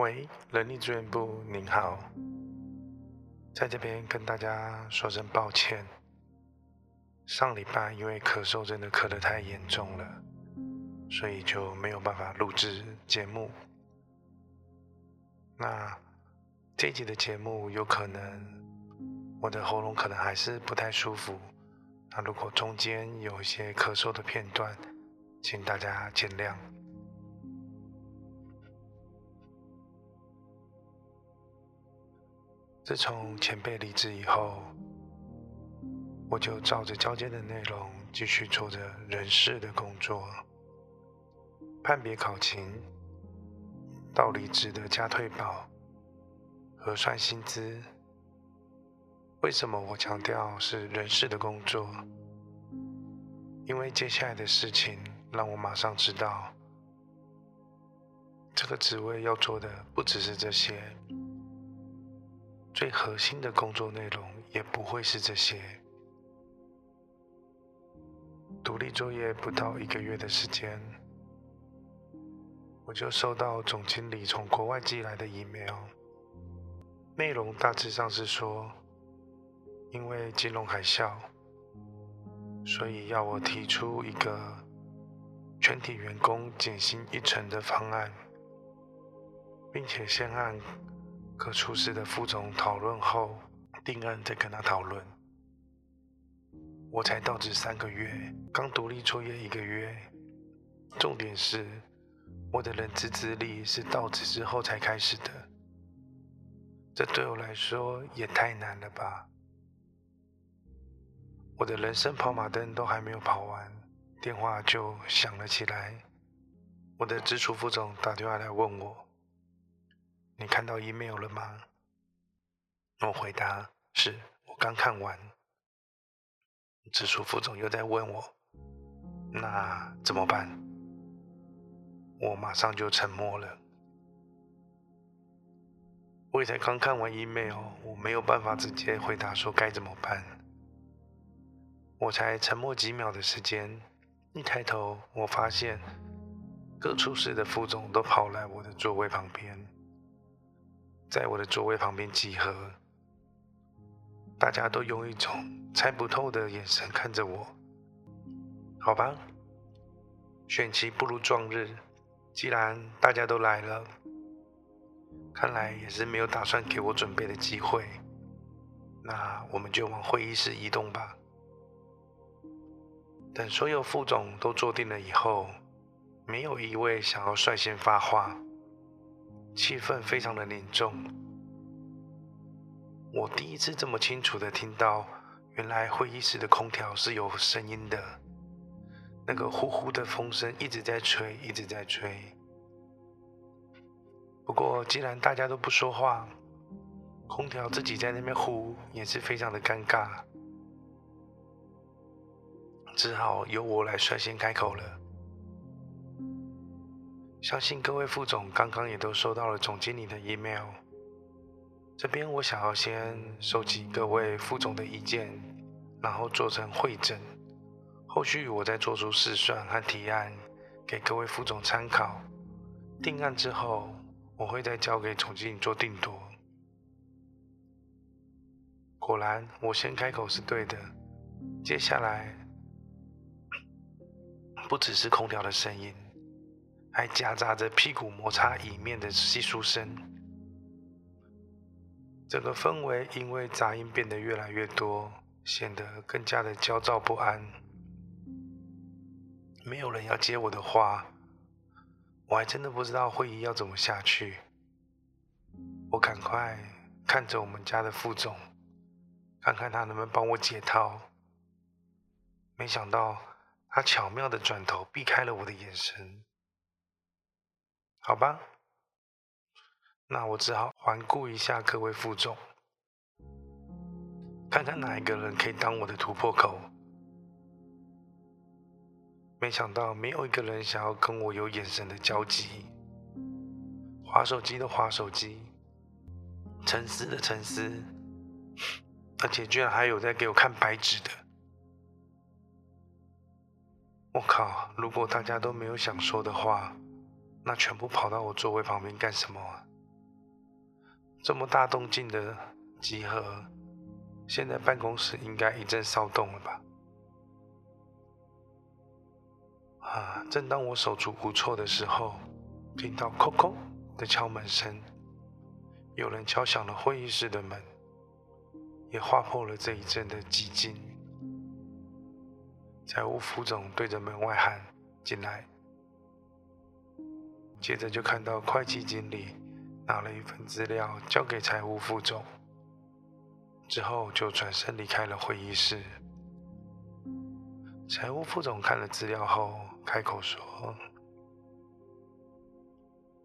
喂，人力資源部，您好。在這邊跟大家說聲抱歉，上禮拜因為咳嗽真的咳得太嚴重了，所以就沒有辦法錄製節目。那這一集的節目有可能我的喉嚨可能還是不太舒服，那如果中間有一些咳嗽的片段，請大家見諒。自從前輩離職以後，我就照着交接的內容繼續做着人事的工作，判別考勤，到離職的加退保，核算薪資。為什麼我強調是人事的工作？因為接下來的事情讓我馬上知道，這個職位要做的不只是這些。最核心的工作內容也不會是這些。獨立作業不到一個月的時間，我就收到總經理從國外寄來的 email，內容大致上是說，因為金融海嘯，所以要我提出一個全體員工減薪一成的方案，並且先按，和廚師的副總討論後，定案再跟他討論。我才到職三個月，剛獨立作業一個月。重點是，我的人資資歷是到職之後才開始的。這對我來說也太難了吧！我的人生跑馬燈都還沒有跑完，電話就響了起來。我的直屬副總打電話來問我。你看到 email 了嗎？我回答：“是，我剛看完。”直屬副總又在問我：“那怎麼辦？”我馬上就沉默了。我也才剛看完 email，我沒有辦法直接回答說該怎麼辦。我才沉默幾秒的時間，一抬頭，我發現各處室的副總都跑來我的座位旁邊。在我的座位旁邊集合，大家都用一種猜不透的眼神看着我。好吧，擇日不如撞日，既然大家都來了，看來也是沒有打算給我準備的機會。那我們就往會議室移動吧。等所有副總都坐定了以後，沒有一位想要率先發話。氣氛非常的凝重，我第一次這麼清楚的聽到，原來會議室的空調是有聲音的，那個呼呼的風聲一直在吹，一直在吹。不過既然大家都不說話，空調自己在那邊呼也是非常的尷尬，只好由我來率先開口了。相信各位副總剛剛也都收到了總經理的 email。這邊我想要先收集各位副總的意見，然後做成會診，後續我再做出試算和提案給各位副總參考。定案之後，我會再交給總經理做定奪。果然，我先開口是對的。接下來，不只是空調的聲音。還夾雜着屁股摩擦椅面的窸窣聲，整個氛圍因為雜音變得越來越多，顯得更加的焦躁不安。沒有人要接我的話，我還真的不知道會議要怎麼下去。我趕快看着我們家的副總，看看他能不能幫我解套。沒想到他巧妙的轉頭避開了我的眼神。好吧，那我只好環顧一下各位副總，看看哪一個人可以當我的突破口。沒想到沒有一個人想要跟我有眼神的交集，滑手機的滑手機，沉思的沉思，而且居然還有在給我看白紙的。我靠！如果大家都沒有想說的話。那全部跑到我座位旁邊幹什麼啊？這麼大動靜的集合，現在辦公室應該一陣騷動了吧？啊！正當我手足無措的時候，聽到“叩叩”的敲門聲，有人敲響了會議室的門，也劃破了這一陣的寂靜。財務副總對着門外喊：“進來。”接着就看到會計經理拿了一份資料交給財務副總，之後就轉身離開了會議室。財務副總看了資料後，開口說：“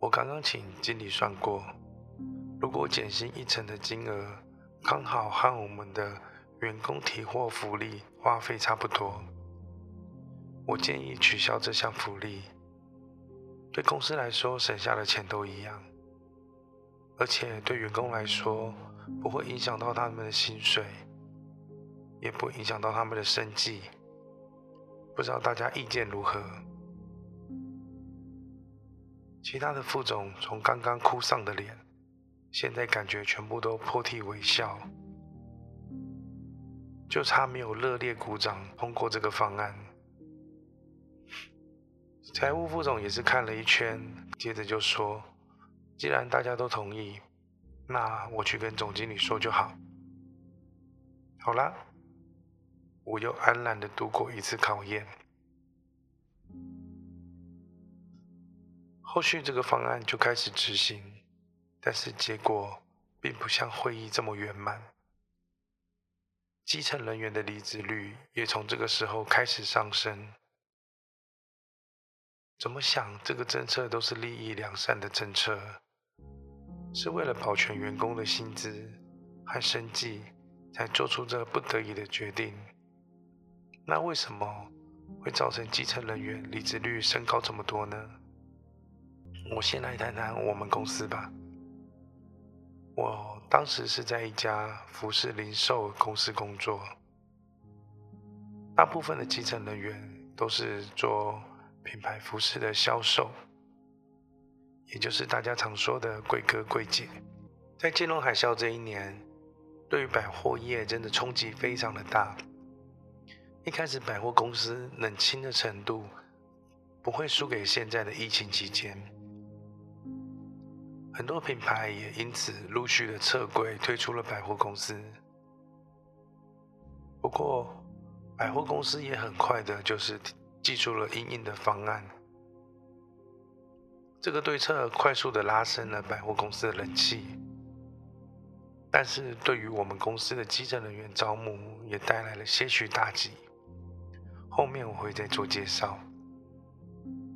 我剛剛請經理算過，如果減薪一成的金額，剛好和我們的員工提貨福利花費差不多，我建議取消這項福利。”對公司來說，省下的錢都一樣，而且對員工來說，不會影響到他們的薪水，也不影響到他們的生計。不知道大家意見如何？其他的副總從剛剛哭喪的臉，現在感覺全部都破涕為笑，就差沒有熱烈鼓掌通過這個方案。財務副總也是看了一圈，接着就說：“既然大家都同意，那我去跟總經理說就好。”好啦，我又安然的度過一次考驗。後續這個方案就開始執行，但是結果並不像會議這麼圓滿。基層人員的離職率也從這個時候開始上升。怎麼想這個政策都是立意良善的政策，是為了保全員工的薪資和生計，才做出這不得已的決定。那為什麼會造成基層人員離職率升高這麼多呢？我先來談談我們公司吧。我當時是在一家服飾零售公司工作，大部分的基層人員都是做。品牌服飾的銷售，也就是大家常說的“櫃哥櫃姐”，在金融海嘯這一年，對於百貨業真的衝擊非常的大。一開始百貨公司冷清的程度，不會輸給現在的疫情期間。很多品牌也因此陸續的撤櫃，退出了百貨公司。不過，百貨公司也很快的，就是。記住了因應的方案，這個對策快速的拉升了百貨公司的人氣，但是對於我們公司的基層人員招募也帶來了些許打擊。後面我會再做介紹。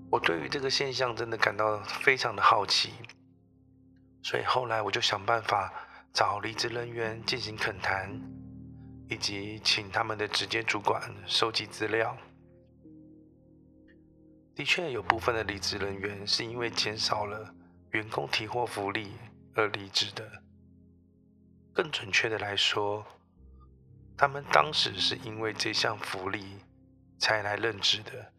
我對於這個現象真的感到非常的好奇，所以後來我就想辦法找離職人員進行懇談，以及請他們的直接主管收集資料。的確有部分的離職人員是因為減少了員工提貨福利而離職的。更準確的來說，他們當時是因為這項福利才來任職的。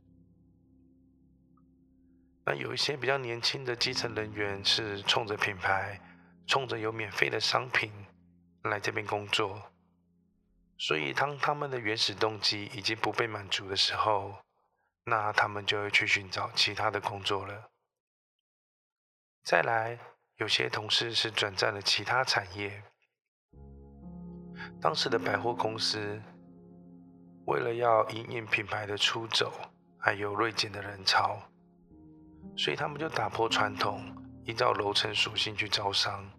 那有一些比較年輕的基層人員是衝着品牌、衝着有免費的商品來這邊工作，所以當他們的原始動機已經不被滿足的時候，那他們就會去尋找其他的工作了。再來，有些同事是轉戰了其他產業。當時的百貨公司，為了要因應品牌的出走，還有銳減的人潮，所以他們就打破傳統，依照樓層屬性去招商。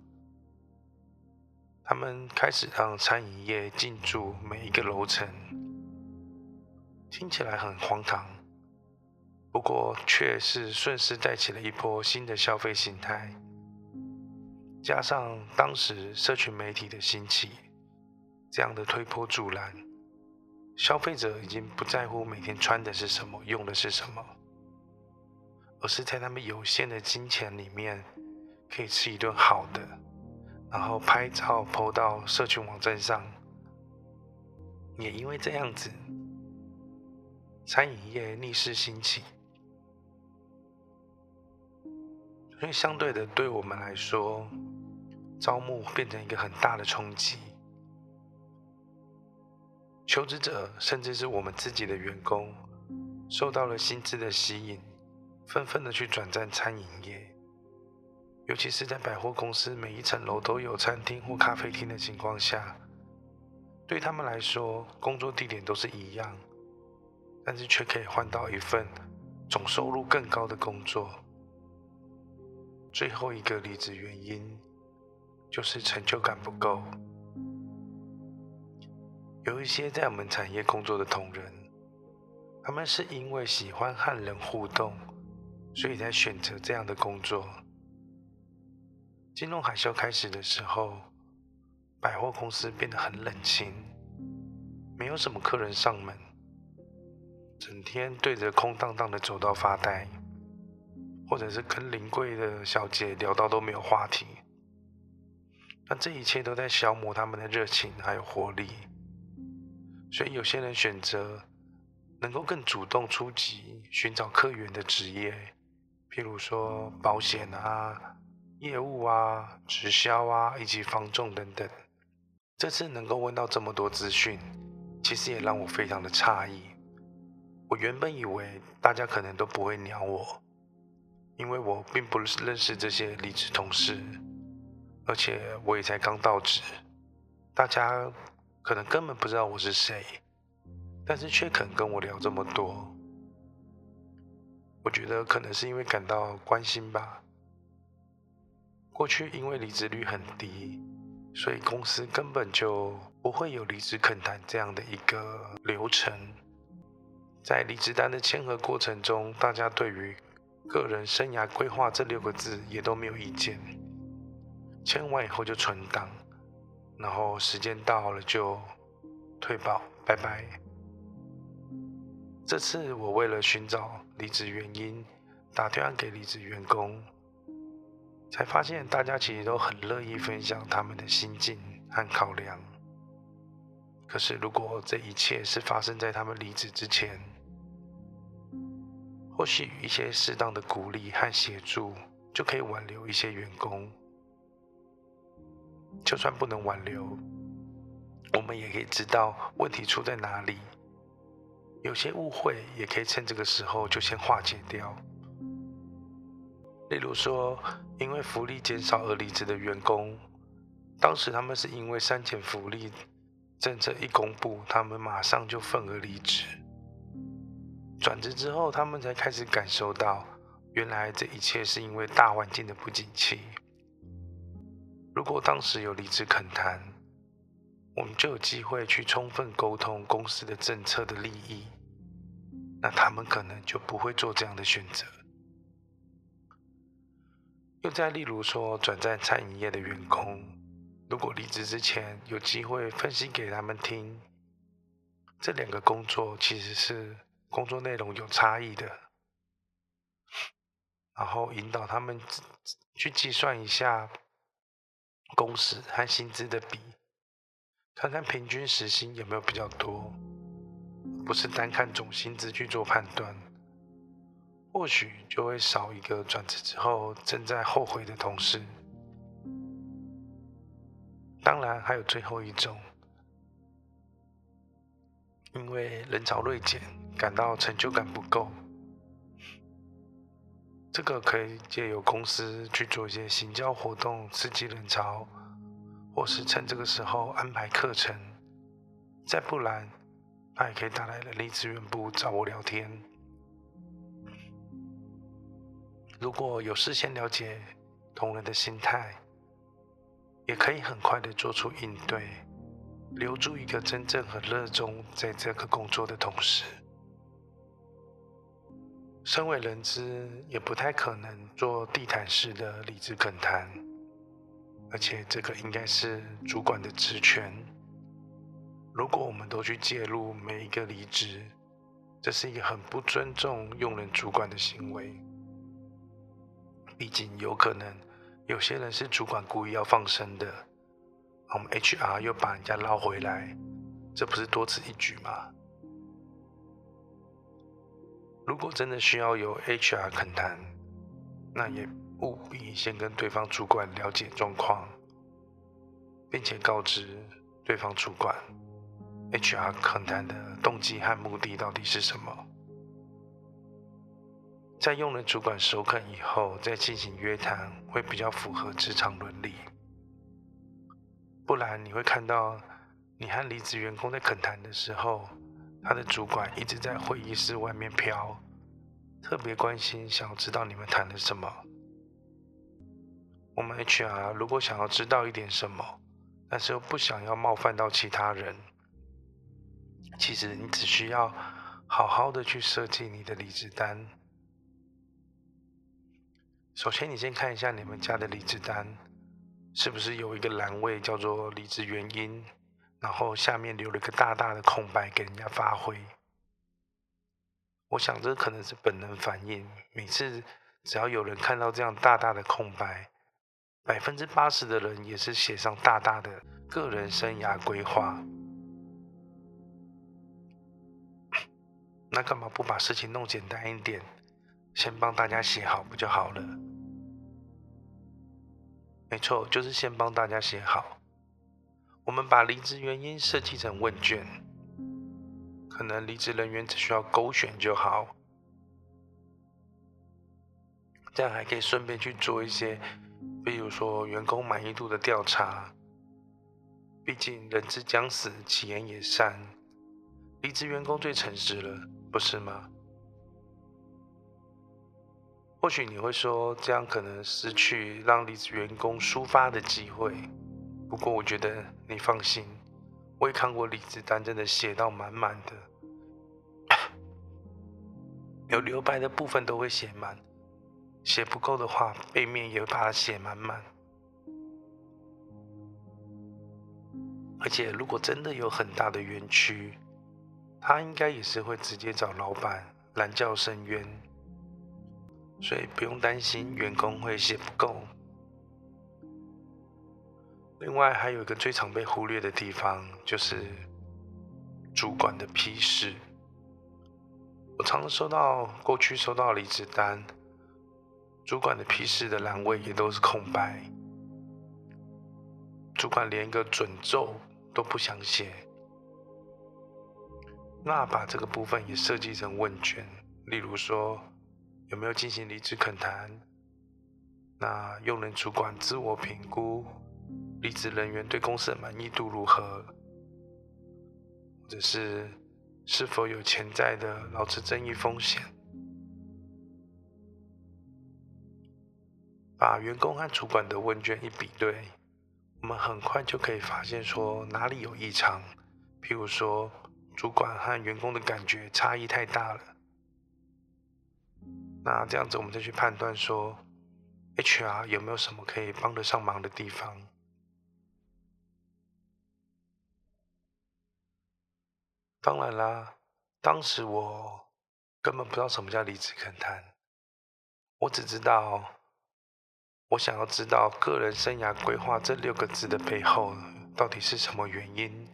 他們開始讓餐飲業進駐每一個樓層，聽起來很荒唐。不過卻是順勢帶起了一波新的消費形態，加上當時社群媒體的興起，這樣的推波助瀾，消費者已經不在乎每天穿的是什麼、用的是什麼，而是在他們有限的金錢裡面，可以吃一頓好的，然後拍照 PO 到社群網站上。也因為這樣子，餐飲業逆勢興起。因為相對的，對我們來說，招募變成一個很大的衝擊。求職者甚至是我們自己的員工，受到了薪資的吸引，紛紛的去轉戰餐飲業。尤其是在百貨公司每一層樓都有餐廳或咖啡廳的情況下，對他們來說，工作地點都是一樣，但是卻可以換到一份總收入更高的工作。最後一個離職原因就是成就感不夠。有一些在我們產業工作的同仁，他們是因為喜歡和人互動，所以才選擇這樣的工作。金融海嘯開始的時候，百貨公司變得很冷清，沒有什麼客人上門，整天對着空蕩蕩的走道發呆。或者是跟臨櫃的小姐聊到都沒有話題，但這一切都在消磨他們的熱情還有活力，所以有些人選擇能夠更主動出擊、尋找客源的職業，譬如說保險啊、業務啊、直銷啊，以及房仲等等。這次能夠問到這麼多資訊，其實也讓我非常的詫異。我原本以為大家可能都不會鳥我。因為我並不認識這些離職同事，而且我也才剛到職，大家可能根本不知道我是誰，但是卻肯跟我聊這麼多。我覺得可能是因為感到關心吧。過去因為離職率很低，所以公司根本就不會有離職懇談這樣的一個流程。在離職單的簽核過程中，大家對於個人生涯規劃這六個字也都沒有意見，簽完以後就存檔，然後時間到了就退保，拜拜。這次我為了尋找離職原因，打電話給離職員工，才發現大家其實都很樂意分享他們的心境和考量。可是如果這一切是發生在他們離職之前，或許一些適當的鼓勵和協助，就可以挽留一些員工。就算不能挽留，我們也可以知道問題出在哪裡。有些誤會也可以趁這個時候就先化解掉。例如說，因為福利減少而離職的員工，當時他們是因為刪減福利政策一公布，他們馬上就憤而離職。轉職之後，他們才開始感受到，原來這一切是因為大環境的不景氣。如果當時有離職懇談，我們就有機會去充分溝通公司的政策的利益，那他們可能就不會做這樣的選擇。又再例如說，轉戰餐飲業的員工，如果離職之前有機會分析給他們聽，這兩個工作其實是。工作內容有差異的，然後引導他們去計算一下工時和薪資的比，看看平均時薪有沒有比較多，不是單看總薪資去做判斷，或許就會少一個轉職之後正在後悔的同事。當然，還有最後一種。因為人潮銳減，感到成就感不夠，這個可以借由公司去做一些行銷活動，刺激人潮，或是趁這個時候安排課程。再不然，他也可以打來人力資源部找我聊天。如果有事先了解同仁的心態，也可以很快的做出應對。留住一個真正很熱衷在這個工作的同事，身為人資也不太可能做地毯式的離職懇談，而且這個應該是主管的職權。如果我們都去介入每一個離職，這是一個很不尊重用人主管的行為。畢竟有可能有些人是主管故意要放生的。我們 HR 又把人家撈回來，這不是多此一舉嗎？如果真的需要由 HR 懇談，那也務必先跟對方主管了解狀況，並且告知對方主管，HR 懇談的動機和目的到底是什麼。在用人主管首肯以後，再進行約談，會比較符合職場倫理。不然你會看到，你和離職員工在懇談的時候，他的主管一直在會議室外面飄，特別關心，想知道你們談了什麼。我們 HR 如果想要知道一點什麼，但是又不想要冒犯到其他人，其實你只需要好好的去設計你的離職單。首先，你先看一下你們家的離職單。是不是有一個欄位叫做離職原因，然後下面留了一個大大的空白給人家發揮？我想這可能是本能反應。每次只要有人看到這樣大大的空白，百分之八十的人也是寫上大大的個人生涯規劃。那幹嘛不把事情弄簡單一點，先幫大家寫好不就好了？沒錯，就是先幫大家寫好。我們把離職原因設計成問卷，可能離職人員只需要勾選就好。這樣還可以順便去做一些，比如說員工滿意度的調查。畢竟人之將死，其言也善。離職員工最誠實了，不是嗎？或許你會說，這樣可能失去讓離職員工抒發的機會。不過我覺得你放心，我也看過離職單，真的寫到滿滿的， 有留白的部分都會寫滿，寫不夠的話，背面也會把它寫滿滿。而且如果真的有很大的冤屈，他應該也是會直接找老闆，攔轎申冤。所以不用擔心員工會寫不夠。另外還有一個最常被忽略的地方，就是主管的批示。我常常收到過去收到的離職單，主管的批示的欄位也都是空白，主管連一個准奏都不想寫。那把這個部分也設計成問卷，例如說。有沒有進行離職懇談？那用人主管自我評估，離職人員對公司的滿意度如何？或者是是否有潛在的勞資爭議風險？把員工和主管的問卷一比對，我們很快就可以發現說哪裡有異常，譬如說主管和員工的感覺差異太大了。那這樣子，我們就去判斷說，HR 有沒有什麼可以幫得上忙的地方？當然啦，當時我根本不知道什麼叫離職懇談，我只知道我想要知道“個人生涯規劃”這六個字的背後到底是什麼原因。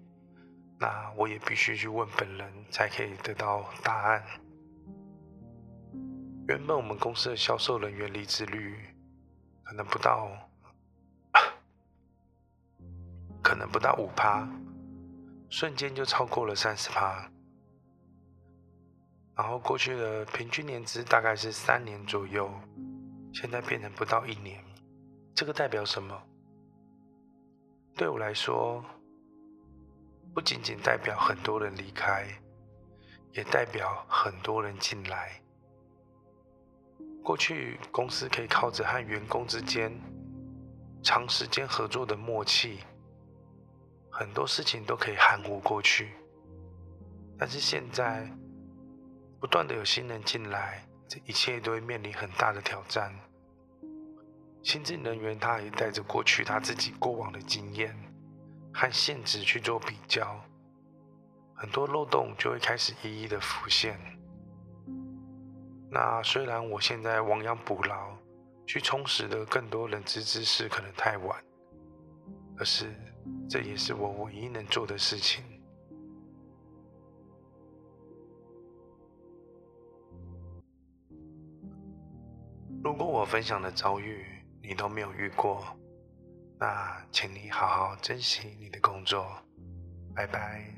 那我也必須去問本人，才可以得到答案。原本我們公司的銷售人員離職率可能不到，可能不到五趴，瞬間就超過了三十趴。然後過去的平均年資大概是三年左右，現在變成不到一年，這個代表什麼？對我來說，不僅僅代表很多人離開，也代表很多人進來。過去公司可以靠着和員工之間長時間合作的默契，很多事情都可以含糊過去。但是現在不斷的有新人進來，這一切都會面臨很大的挑戰。新進人員他也帶着過去他自己過往的經驗和現職去做比較，很多漏洞就會開始一一的浮現。那雖然我現在亡羊補牢，去充實的更多人資知識可能太晚，可是這也是我唯一能做的事情。如果我分享的遭遇你都沒有遇過，那請你好好珍惜你的工作，拜拜。